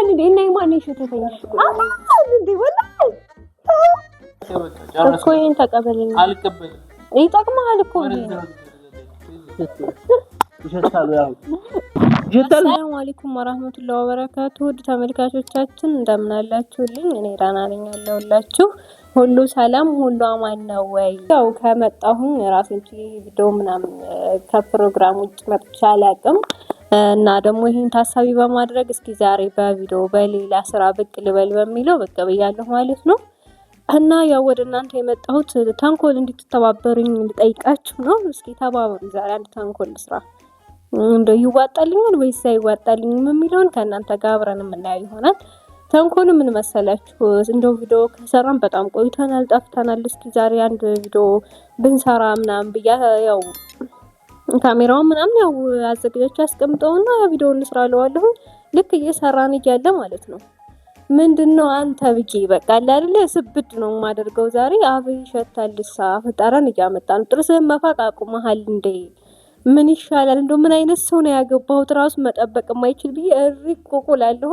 ሰላም አለይኩም ወራህመቱላሂ ወበረካቱ። ውድ ተመልካቾቻችን እንደምን አላችሁልኝ? እኔ ራና ነኝ ያለሁላችሁ። ሁሉ ሰላም ሁሉ አማን ነው ወይ? ያው ከመጣሁኝ ራሴን ቪዲዮ ምናምን ከፕሮግራም ውጭ መጥቼ አላውቅም። እና ደግሞ ይህን ታሳቢ በማድረግ እስኪ ዛሬ በቪዲዮ በሌላ ስራ ብቅ ልበል በሚለው ብቅ ብያለሁ ማለት ነው። እና ያው ወደ እናንተ የመጣሁት ተንኮል እንድትተባበሩኝ እንድጠይቃችሁ ነው። እስኪ ተባበሩ። ዛሬ አንድ ተንኮል ስራ እንደ ይዋጣልኛል ወይስ አይዋጣልኝም የሚለውን ከእናንተ ጋር አብረን የምናየው ይሆናል። ተንኮል ምን መሰላችሁ? እንደው ቪዲዮ ከሰራን በጣም ቆይተናል፣ ጠፍተናል። እስኪ ዛሬ አንድ ቪዲዮ ብንሰራ ምናምን ብያ ያው ካሜራውን ምናምን ያው አዘጋጆች አስቀምጠውና ቪዲዮ እንስራ አለዋለሁ። ልክ እየሰራን እያለ ማለት ነው ምንድን ነው አንተ ብዬ በቃ አለ አይደለ ስብድ ነው የማደርገው ዛሬ አብ ይሸታል። ልሳ ፈጣራን እያመጣ ነው። ጥርስህን መፋቅ አቁመሃል እንዴ? ምን ይሻላል? እንደ ምን አይነት ሰው ነው ያገባሁት? ራሱ መጠበቅ የማይችል ብዬ እሪ ቆቆላለሁ።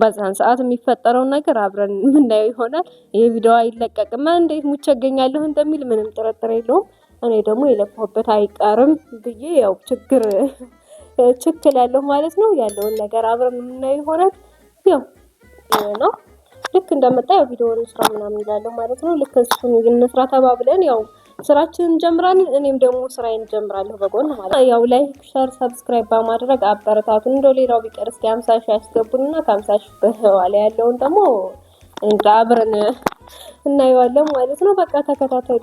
በዛን ሰዓት የሚፈጠረውን ነገር አብረን የምናየው ይሆናል። ይሄ ቪዲዮ አይለቀቅም እንዴት ሙቸገኛለሁ እንደሚል ምንም ጥርጥር የለውም። እኔ ደግሞ የለፋሁበት አይቀርም ብዬ ያው ችግር ችክል ያለው ማለት ነው። ያለውን ነገር አብረን የምናየው ይሆናል ያው ነው ልክ እንደመጣ ያው ቪዲዮውን ስራ ምናምን ይላለው ማለት ነው። ልክ እሱን እንስራ ተባብለን ያው ስራችንን እንጀምራለን። እኔም ደግሞ ስራዬን እንጀምራለሁ በጎን ማለት ነው። ያው ላይክ፣ ሸር፣ ሰብስክራይብ በማድረግ አበረታቱን። እንደው ሌላው ቢቀር እስኪ ሀምሳ ሺህ ያስገቡንና ከሀምሳ ሺህ በኋላ ያለውን ደግሞ አብረን እናየዋለን ማለት ነው። በቃ ተከታተሉ።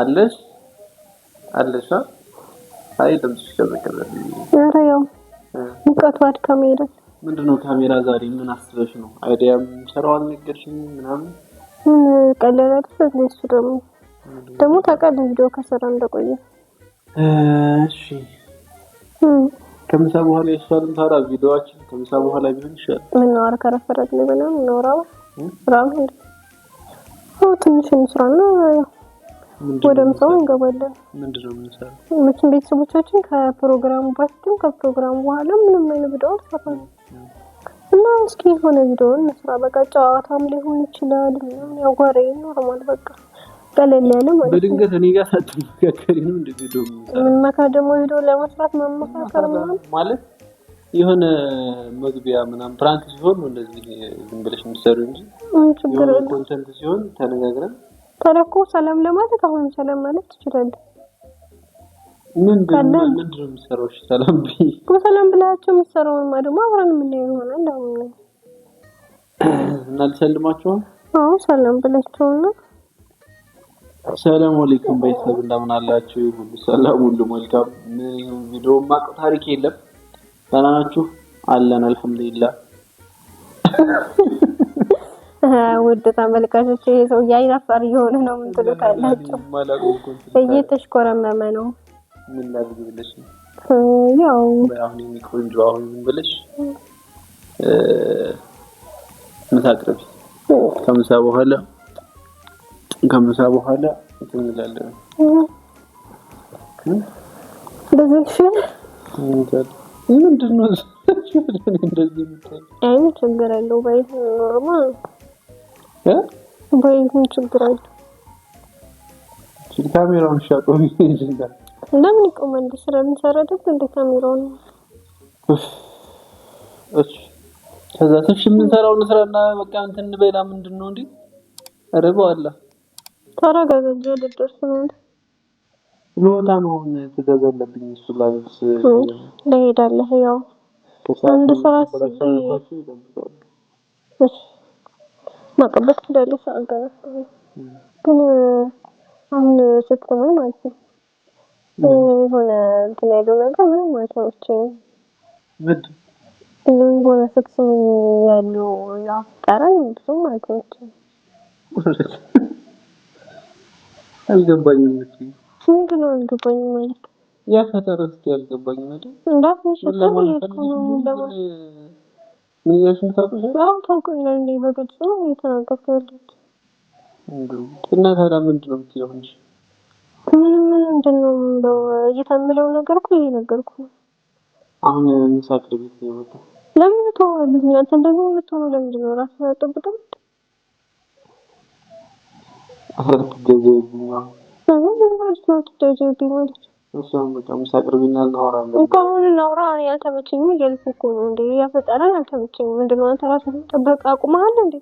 አለሽ አለሽ? አይ ድምፅሽ ከዘቀዘ። ኧረ ያው ሙቀቱ አድካሚ ሄደ። ምንድነው ካሜራ ዛሬ ምን አስበሽ ነው? አይዲያም ስራው አልነገርሽኝ ምናምን ምን ቀለል አይደል? እሱ ደግሞ ደግሞ ታውቃለህ ቪዲዮ ከሰራ እንደቆየ እሺ ከምሳ በኋላ ይሻልም ታዲያ ቪዲዮአችን ከምሳ በኋላ ቢሆን ይሻል ምን ነው አርከረፈረት ነው ብለን ነው ራው ራው ትንሽ እንስራ ነው ወደ ምሳው እንገባለን። ምንድነው ቤተሰቦቻችን ከፕሮግራሙ በፊትም ከፕሮግራሙ በኋላ ምንም አይነት ቪዲዮ አልሰራም እና እስኪ የሆነ ቪዲዮ እንስራ። በቃ ጨዋታም ሊሆን ይችላል ምናምን ያው ጓሬ ኖርማል በቃ ቀለል ያለ ማለት በድንገት እኔ ጋር ሳትመካከሪ ነው እንደ ቪዲዮ የምንመካከር ደግሞ ቪዲዮ ለመስራት መመካከር ምናምን ማለት የሆነ መግቢያ ምናምን ፕራንክ ሲሆን እንደዚህ ዝም ብለሽ የምትሰሩ እንጂ ችግር ኮንተንት ሲሆን ተነጋግረን ታዲያ እኮ ሰላም ለማለት አሁን ሰላም ማለት ትችላለህ። ምንድን ነው የምትሰራው? ሰላም ብዬሽ ሰላም ብላቸው የምትሰራውማ ደግሞ አብረን የምንሄድ ይሆናል። አሁን እና ልሰልማቸው። አዎ ሰላም ነው። ሰላም አለይኩም ቤተሰብ እንደምን አላችሁ? ሁሉ ሰላም፣ ሁሉ መልካም። ምን ቪዲዮ ማቆ ታሪክ የለም። ደህና ናችሁ? አለን አልሐምዱሊላህ ውድ ተመልካቾች ይሄ ሰው ያይናፋር እየሆነ ነው። ምን ትሉት እየተሽኮረመመ ነው። ምን ያው ምሳ አቅርቢ። ከምሳ በኋላ ከምሳ በኋላ እንላለን። በዚህ ነው ችግር አለው ባይ ኖርማል ባይዝም ችግር አለ። ካሜራውን ሻቆ ይይዛል። ለምን ስራ ልንሰራ አይደል እንደ ካሜራው ነው። ከዛ ትንሽ የምንሰራውን በቃ እንትን ምንድን ነው ተረጋጋ። ልደርስ ነው ልወጣ ነው። ትገዛለብኝ እሱ ለሄዳለህ። ያው አንድ ስራ ማቀበት እንዳለ ግን አሁን ስትሆን ማለት ነው የሆነ እንትን ያለው ነገር ምንም ማለት ነው የሆነ ስትሆን ያለው ጠረን ብዙም ማለት አልገባኝም። ምንድን ነው አልገባኝም ማለት ያ እስኪ አልገባኝም ማለት እንዳትነሽ ለማለት ነው ኢየሱስ ክርስቶስ አሁን ታውቀው ይላል እንደ ነው እየተናገርኩ ያለሁት እና ታዲያ ምንድን ነው የምትለው? እንጂ ምንም ምንድን ነው የምለው እየተምለው ነገር እኮ እየነገርኩ ነው። አሁን ምሳ ቤት ነው የመጣው። ለምን ትሆናለህ? አንተ ደግሞ የምትሆነው ለምንድን ነው? ራስህን አጠብቅም ትገዘብኝ እሷም በቃ ምሳ አቅርቢና እናወራለን። እንኳን ምን እናውራ? እኔ ያልተመቸኝም እያልኩ እኮ ነው እንዴ። ያፈጠረን ያልተመቸኝም ምንድን ነው? አንተ ራስህን መጠበቅ አቁመሃል እንዴ?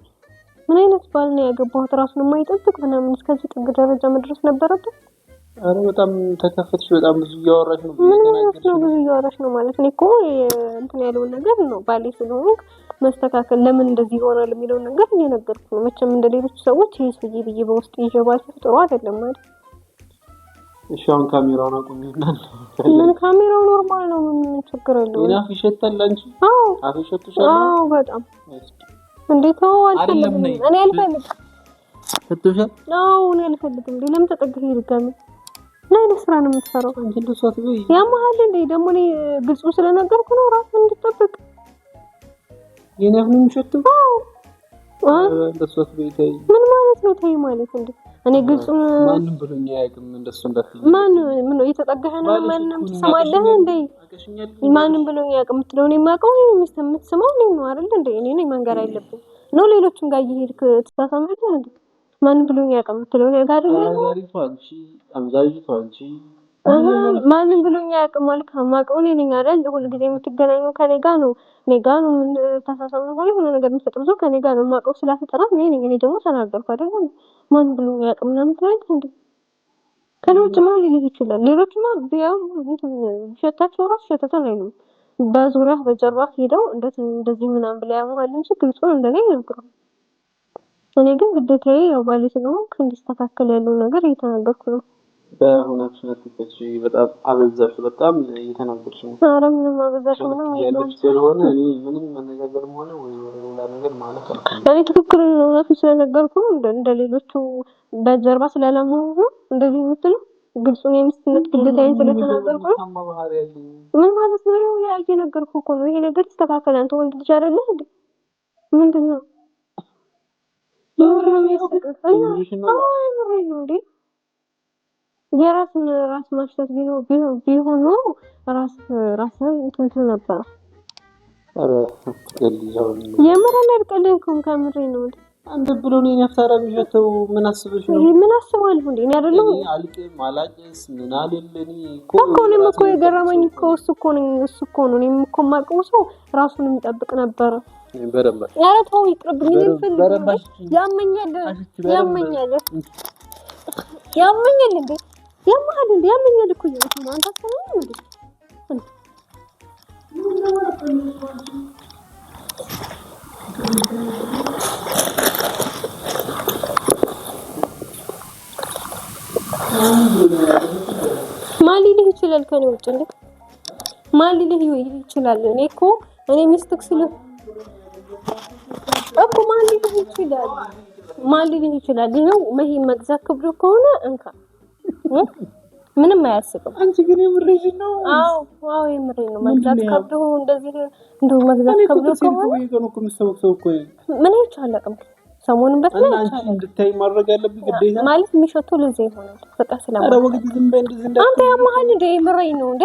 ምን አይነት ባል ነው ያገባሁት? ራሱን የማይጠብቅ ምናምን እስከዚህ ጥግ ደረጃ መድረስ ነበረብን? አረ በጣም ተከፈትሽ። በጣም ብዙ እያወራሽ ነው። ምን አይነት ነው ብዙ እያወራሽ ነው ማለት? እኔ እኮ እንትን ያለውን ነገር ነው ባሌ ስለሆንክ መስተካከል ለምን እንደዚህ ይሆናል የሚለውን ነገር እየነገርኩ ነው። መቼም እንደሌሎች ሰዎች ይህ ስዬ ብዬ በውስጥ ይዤ ባልኩት ጥሩ አይደለም ማለት እሺ ካሜራውን አቁሚና፣ ምን ካሜራው ኖርማል ነው። ምን ችግር የለውም። ይናፍ ይሸታል። አንቺ በጣም እንዴት ነው? አልፈልግም፣ እኔ አልፈልግም። ሸቶሻል? እኔ አልፈልግም። እንዴ ለምን ምን አይነት ስራ ነው የምትሰራው? አንቺ ልሰት ነው ያማሃል እንዴ? ደግሞ እኔ ግልጹ ስለነገርኩ ነው ራስን እንድጠብቅ። ምን አዎ፣ ምን ማለት ነው? ተይ ማለት እንዴ እኔ ግልጹም ማንም አያውቅም። እንደሱ ማን ምን ነው እየተጠጋህ ነው? ማንም ትሰማለህ እንዴ? ማንም ብሎኝ አያውቅም የምትለው እኔ የማውቀው ሚስት የምትሰማው እኔ ነው አይደል እንዴ? እኔ ነኝ መንገር አይለብም ነው ሌሎችም ጋር እየሄድክ ትሳሳማለህ። ማንም ብሎኝ አያውቅም የምትለው ጋር አይደል? አንቺ ማንም ብሎኝ አያውቅም። ማለት ከማውቀው እኔ ነኝ አይደል? ሁል ጊዜ የምትገናኘው ከኔ ጋር ነው። እኔ ጋር ነው የምንተሳሰብ ነው ሆነ ነገር የምትፈጥሩ ብዙ ከኔ ጋር ነው የማውቀው። ስላፈጠራት እኔ ነኝ። እኔ ደግሞ ተናገርኩ አይደል? ማን ብሎኝ አያውቅም ምናምን ትላለች እንዴ! ከሌሎች ማን ሊልህ ይችላል። ሌሎች ማ ቢያው ሸታቸው ራሱ ሸተተን አይሉም። በዙሪያ በጀርባ ሄደው እንደዚህ ምናምን ብላ ያመሃል እንጂ ግልጹን እንደኔ አይነግረውም። እኔ ግን ግዴታዬ ያው ባሌ ስለሆንኩ እንዲስተካከል ያለው ነገር እየተናገርኩ ነው። በእውነት ነትች በጣም አበዛሹ። በጣም እየተናገርሽ ነው። ኧረ ምንም አበዛሽ ምንም ያለች ስለሆነ ምንም መነጋገርም ሆነ ወይ ሌላ ነገር ማለት አልኩኝ። እኔ ትክክል እውነቱ ስለነገርኩ ነው። እንደ ሌሎቹ በጀርባ ስለለመሆኑ እንደዚህ የምትለው ግልጹን የሚስትነት ግዴታዬን ስለተናገርኩ ነው። ምን ማለት ነው? ያ እየነገርኩ እኮ ነው። ይሄ ነገር ይስተካከል። አንተ ወንድ ልጅ አይደለህ እንዴ? ምንድን ነው? ምንድን ነው? ምንድን ነው? የራስን ራስ ማሽተት ቢሆን ኖሮ ራስ ራስህን ትንትል ነበረ። የምር ላይ ከምሬ ነው። አንድ ብሎ ነው የሚያፍታራ ቢሸተው ምን አስበሽ ነው? ምን አስባለሁ እንዴ? አይደለም አልቅም አላቅስ ምን አልልኝ እኮ እኮ እኔም እኮ የገረመኝ እኮ እሱ እኮ ነው እሱ እኮ ነው። እኔም እኮ የማውቀው ሰው ራሱን የሚጠብቅ ነበረ። በረባሽ ኧረ ተው ይቅርብኝ። እኔ ፈልግ ያመኛል፣ ያመኛል፣ ያመኛል እንዴ ያመሃል እንዴ? ያመኛል እኮ እያልኩ ነው። አንተ አትሰማኝም እንዴ? ማን ሊልህ ይችላል? ከኔ ውጭ እንዴ ማን ሊልህ ይችላል? እኔ እኮ እኔ ሚስትክ ስለ እኮ ማን ሊልህ ይችላል? ማን ሊልህ ይችላል? ይኸው መሄድ መግዛት ክብር ከሆነ እንካ ምንም አያስቅም። አንቺ ግን የምሬሽ ነው? አዎ አዎ፣ የምሬ ነው። መግዛት ከብዶ እንደዚህ እንደው መግዛት ከብዶ ከሆነ ምን አላውቅም። ሰሞኑን በት እንድታይ ማድረግ ያለብኝ ግዴታ ማለት የሚሸቱ ለዚ ይሆናል። በቃ ሰላም አረ ወግድ እንደ አንተ ነው እንዴ?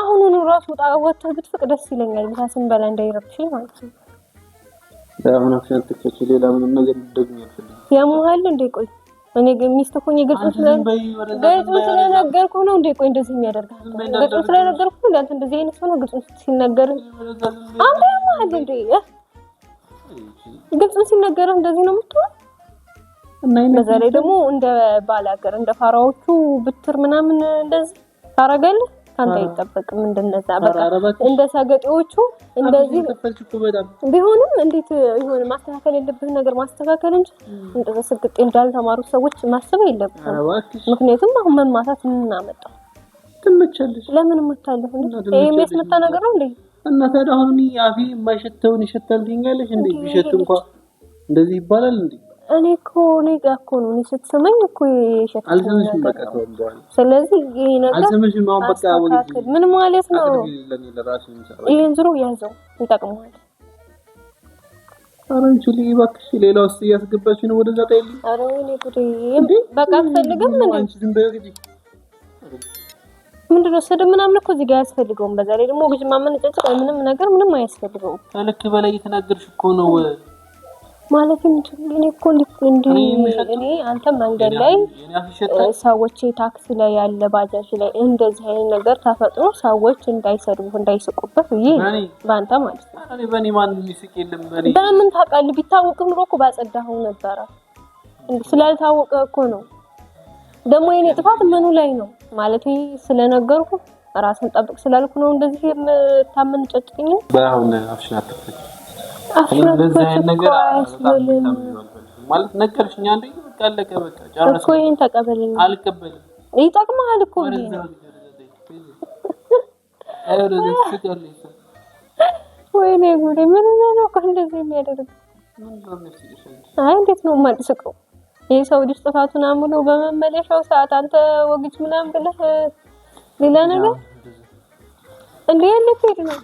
አሁኑኑ ራሱ ወጣ ወጥተህ ብትፍቅ ደስ ይለኛል። ምሳ ስንበላ እንዳይረብሽኝ ማለት ነው። አሁን አፍሽን አትከቺ። ሌላ ምንም ነገር ልደግም ያልፈልግ ያማሃል እንዴ? ቆይ እኔ ግን ሚስት እኮ ነው ገርጦ ስለነገርኩ ነው እንዴ? ቆይ እንደዚህ የሚያደርግ ገርጦ ስለነገርኩ ነው። አንተ እንደዚህ አይነት ሆኖ ነው ግልጹን ሲነገር አንተ ማለት እንዴ? ግልጹን ሲነገር እንደዚህ ነው የምትሆነው። በዛ ላይ ደግሞ እንደ ባላገር እንደ ፋራዎቹ ብትር ምናምን እንደዚህ ታረጋለህ። ከአንተ አይጠበቅም። እንደነዛ በቃ እንደ ሰገጤዎቹ እንደዚህ ቢሆንም እንዴት ይሆን ማስተካከል የለብህ ነገር ማስተካከል እንጂ እንደዛ ስግጤ እንዳልተማሩ ሰዎች ማሰብ የለብህም። ምክንያቱም አሁን መማታት ምን አመጣው? ትመቻለች። ለምን እመታለሁ? የሚያስመታ ነገር ነው እንዴ? እና ታዲያ አሁን አፌ የማይሸተውን ይሸታል ትይኛለሽ እንዴ? ቢሸት እንኳ እንደዚህ ይባላል እንዴ? እኔ እኮ እኔ ጋር እኮ ነው። እኔ ስትስመኝ እኮ አልሰመሽም። በቃ ስለዚህ ምን ማለት ነው? ይህን ዝሮ ያዘው ይጠቅመዋል። ኧረ ልይ እባክሽ፣ ሌላ ውስጥ እያስገባች ነው ወደዛ። ታይል ኧረ ወይኔ ጉዴ! በቃ ምን አንቺ ዝም በይ ግዲ ምንድን ነው ስድብ ምናምን እኮ እዚህ ጋር አያስፈልገውም። በዛ ላይ ደግሞ ግጅ ማመን ምንም ነገር ምንም አያስፈልገውም። ከልክ በላይ እየተናገርሽ እኮ ነው ማለት እኔ እኮ እኔ አንተ መንገድ ላይ ሰዎች ታክሲ ላይ ያለ ባጃጅ ላይ እንደዚህ አይነት ነገር ተፈጥሮ ሰዎች እንዳይሰድቡ እንዳይስቁበት ብዬ በአንተ ማለት ነው። በምን ታውቃለህ? ቢታወቅ ኑሮ እኮ ባጸዳኸው ነበረ። ስላልታወቀ እኮ ነው። ደግሞ የኔ ጥፋት ምኑ ላይ ነው? ማለት ስለነገርኩ ራስን ጠብቅ ስላልኩ ነው እንደዚህ የምታመንጨጭኝ። በአሁን አፍሽን አትፈጭ ስለዚህ አይነት ነገር ማለት ነገርሽኛ እንዴ በቃ አለቀ። በቃ ጨረስኩ እኮ ይሄን ተቀበለኝ። አልቀበልም። ይጠቅምሃል እኮ ወይኔ ጉዴ! ምን ነው እኮ እንደዚህ የሚያደርግ? አይ እንዴት ነው የማልስቀው? ሰው ልጅ ጥፋቱን አምኖ በመመለሻው ሰዓት አንተ ወግጅ ምናምን ብለህ ሌላ ነገር እንዴ ያለ ነው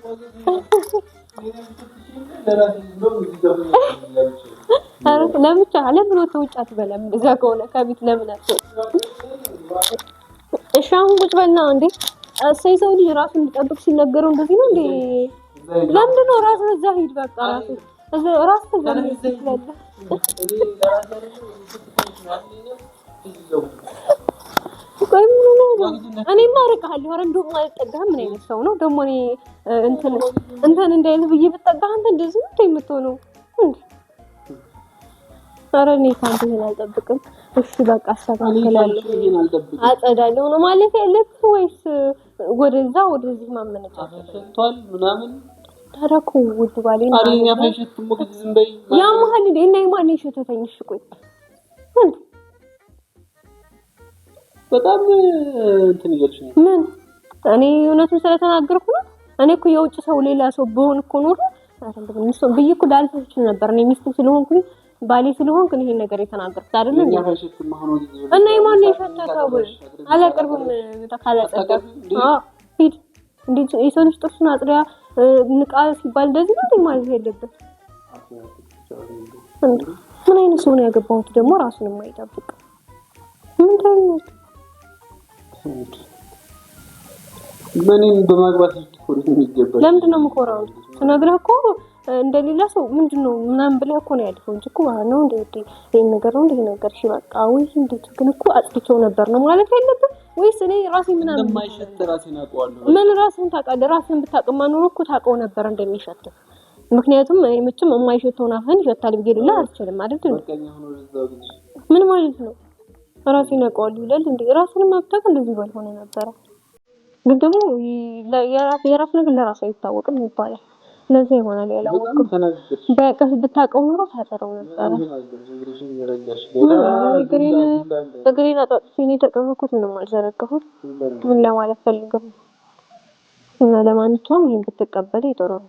ለምቻ ለምን ወጥቶ ውጭ አትበላም? እዛ ከሆነ ከቤት ለምን አትወጣም? እሺ አሁን ቁጭ በልና እንዴ እሰይ ሰው ልጅ ራሱን እንዲጠብቅ ሲነገረው እንደዚህ ነው እንዴ? ለምንድን ነው ራስህ እዛ ሂድ፣ በቃ ራስህ እዛ ራስህ እዛ ሂድ። እኔ አርቀሃለሁ። ኧረ እንደውም አልጠጋህም። ምን አይነት ሰው ነው ደግሞ? እኔ እንትን እንትን እንዳይልህ ብዬ ብጠጋህ አንተ እንደዚህ ነው የምትሆነው እንዴ? ኧረ እኔ ካንተ ይሄን አልጠብቅም። እሺ በቃ አስተካክላለሁ። አጸዳለሁ ነው ማለት ያለብህ ወይስ ወደዛ ወደዚህ ማመነጫ ሰጥቷል ምናምን ተረኩ ውድ ባሌ ነው። አሪኛ ፈሽት ሙግዝ ዝም በይ ያማሃል እና የማን የሸተተኝ? እሺ ቆይ በጣም እንትን እያልሽ ምን እኔ እውነቱን ስለተናገርኩ ነው። እኔ እኮ የውጭ ሰው ሌላ ሰው ብሆን እኮ ኖሮ ሚስቱን እኮ ላልፈው እችል ነበር። እኔ ሚስቱ ስለሆንኩ ባሌ ስለሆንክ ይሄን ነገር የተናገርኩት አይደለም እና የማን የሸተተው አላቀርብም ካላጸዳሁ ሂድ። እንዴት የሰው ልጅ ጥርሱን አጽሪያ ንቃ ሲባል እንደዚህ ነው ማለት ያለበት። ምን አይነት ሰው ነው ያገባሁት ደግሞ ራሱን የማይጠብቅ ምን ታይነት ምንም በማግባት ልትኮሪ የሚገባል። ለምንድን ነው የምኮራው? ስነግርህ እኮ እንደሌላ ሰው ምንድን ነው ምናምን ብለህ እኮ ነው ያልከው እንጂ እኮ ባህል ነው እንደ ውዴ፣ ይህን ነገር ነው እንዲህ ነገር እሺ፣ በቃ ወይ እንዴት ግን እኮ አጽድቼው ነበር ነው ማለት ያለብህ ወይስ እኔ ራሴ ምናምን እንደማይሸት ራሴን አውቀዋለሁ። ምን ራስህን ታውቃለህ? ራስህን ብታውቅማ ኖሮ እኮ ታውቀው ነበር እንደሚሸት ምክንያቱም እኔ ምችም የማይሸተውን አፍህን ይሸታል ብዬ ልልህ አልችልም። አይደል? ምን ማለት ነው? ራሱ ይነቀዋል ይላል እንዴ? ራሱን ማብታቅ እንደዚህ ባልሆነ ነበረ። ግን ደግሞ የራሱ ነገር ለራሱ አይታወቅም ይባላል። ለዚህ ይሆናል ያላወቅም። በቀስ ብታውቀው ኖሮ ታጠረው ነበረ። እግሬን አጣጥፌ ነው የተቀመጥኩት። ምንም አልዘረጋሁም። ምን ለማለት ፈልገው እና ለማንቷም ይህን ብትቀበለ ጥሩ ነው።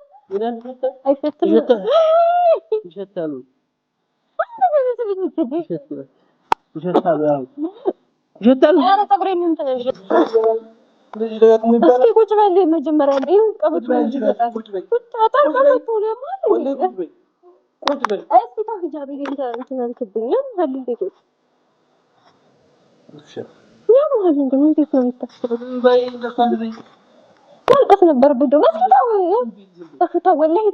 Ai, fez Injetando. Injetando. Injetando. Injetando. ኧረ ፀጉሬን እንትን እስኪ ቁጭ በል መጀመሪያ ላይ ቁጭ በል ቁጭ በል ቁጭ በል እስኪ ተው ሂጃብ እንትን አልክብኝ ያምሃል እንዴ ቁጭ ያምሃል እንዴ እንዴት ነው የምታስበው ማልቀስ ነበረብኝ። እንደው በፍታው በፍታው ወላሂ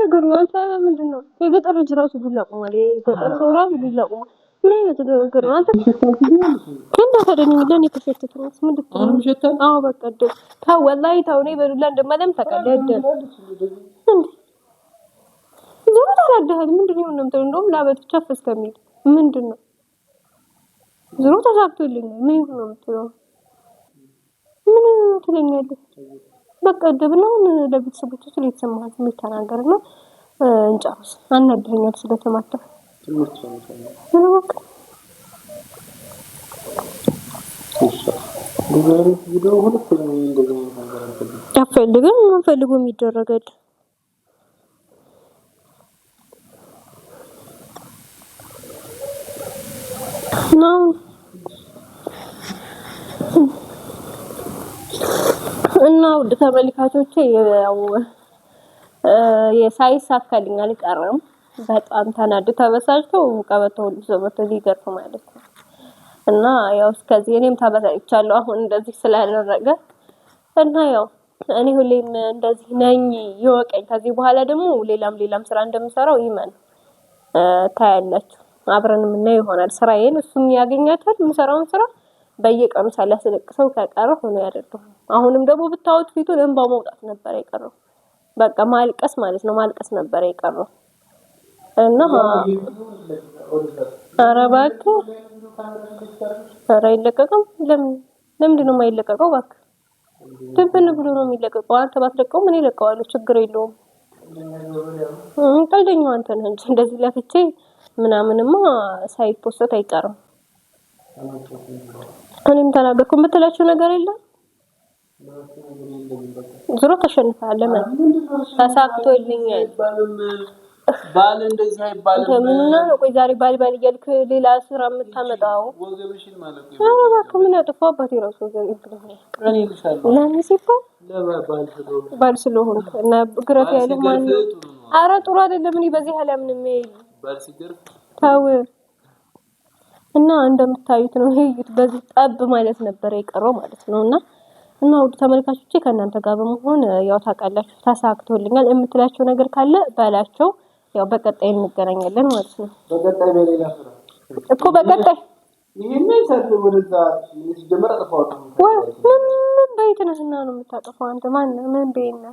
ነገሩ ምንድን ነው? የገጠር ልጅ ራሱ ዱላ ቆሟል። የገጠር ሰው ራሱ ዱላ ቆሟል። ምን አይነት ነገር ነው? አንተ ከእንዳ ታደኝ የተሸተት ነው። አዎ በቃ ደግ ወላሂ በዱላ እንደማለም ለምን ምንድን ነው እንደውም ላበት እስከሚል ምንድን ነው ተሳክቶልኝ ምን ይሁን ነው የምትለው? ምን ትለኛለህ? በቃ ደብና ስሜት ተናገርና እንጨርስ። አፈልግም የምንፈልጎ የሚደረገል ነው። እና ውድ ተመልካቾቼ ያው የሳይሳካልኝ አልቀረም። በጣም ተናዶ ተበሳጭተው ቀበቶ ሁሉ ዘበቶ ማለት ነው። እና ያው እስከዚህ እኔም ተበሳጭቻለሁ አሁን እንደዚህ ስላደረገ እና ያው እኔ ሁሌም እንደዚህ ነኝ ይወቀኝ። ከዚህ በኋላ ደግሞ ሌላም ሌላም ስራ እንደምሰራው ይመን ታያላችሁ። አብረን የምናየው ይሆናል። ስራዬን እሱም ያገኛታል። የምሰራውን ስራ በየቀኑ ሳላስለቅሰው ከቀረ ሆኖ ያደርገው። አሁንም ደግሞ ብታወት ፊቱን እንባ መውጣት ነበር የቀረው። በቃ ማልቀስ ማለት ነው። ማልቀስ ነበር የቀረው። እና ኧረ እባክህ ኧረ አይለቀቅም። ለምን ለምንድን ነው የማይለቀቀው? እባክህ ድብን ብሎ ነው የሚለቀቀው። አንተ ባትለቀውም እኔ እለቀዋለሁ፣ ችግር የለውም። ቀልደኛው አንተ ነህ እንጂ እንደዚህ ለፍቼ ምናምንማ ሳይፖሰት አይቀርም። እኔም ተናገርኩ የምትላቸው ነገር የለም። ዞሮ ተሸንፈሃል። ለምን ተሳክቶልኛል ባል እንደዚህ አይባልም። ምን ነው ቆይ ዛሬ ባል ባል እያልክ ሌላ ስራ የምታመጣው? ወገብሽን ማለት ነው። ኧረ እባክህ ምን አጠፋሁበት? የራሱ ወገብ ይብላኝ። እኔ ልሻለሁ ለምን ሲባል ባል ስለሆነ እና ግረፍ ያለ ማን? አረ ጥሩ አይደለም። እኔ በዚህ ያለ ምንም ባል ሲገርፍ ታው እና እንደምታዩት ነው። ይሄ በዚህ ጠብ ማለት ነበር የቀረው ማለት ነው እና እና ውድ ተመልካቾቼ ከእናንተ ጋር በመሆን ያው ታውቃላችሁ፣ ተሳክቶልኛል የምትላቸው ነገር ካለ በላቸው። ያው በቀጣይ እንገናኛለን ማለት ነው። በቀጣይ በሌላ ስራ እኮ በቀጣይ ይሄን ሰዓት ወደዛ ሲጀመር አጥፋው ወይ ምን ምን በየተነስና ነው የምታጠፋው አንተ ማን ነህ? ምን በይና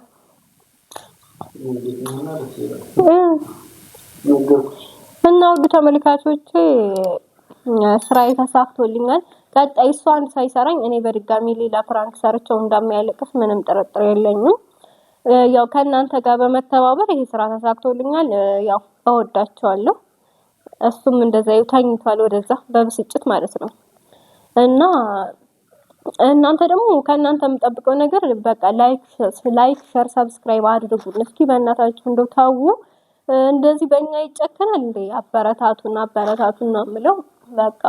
እና ውድ ተመልካቾች ስራ ተሳክቶልኛል። ቀጣይ እሷን ሳይሰራኝ እኔ በድጋሚ ሌላ ፕራንክ ሰርቸው እንዳሚያለቅስ ምንም ጥርጥር የለኝም። ያው ከእናንተ ጋር በመተባበር ይሄ ስራ ተሳክቶልኛል። ያው እወዳቸዋለሁ። እሱም እንደዛ ታኝቷል፣ ወደዛ በብስጭት ማለት ነው። እና እናንተ ደግሞ ከእናንተ የምጠብቀው ነገር በቃ ላይክ ሸር ሰብስክራይብ አድርጉን። እስኪ በእናታችሁ እንደው ታዉ እንደዚህ በእኛ ይጨከናል እንዴ? አበረታቱን፣ አበረታቱን ነው የምለው በቃ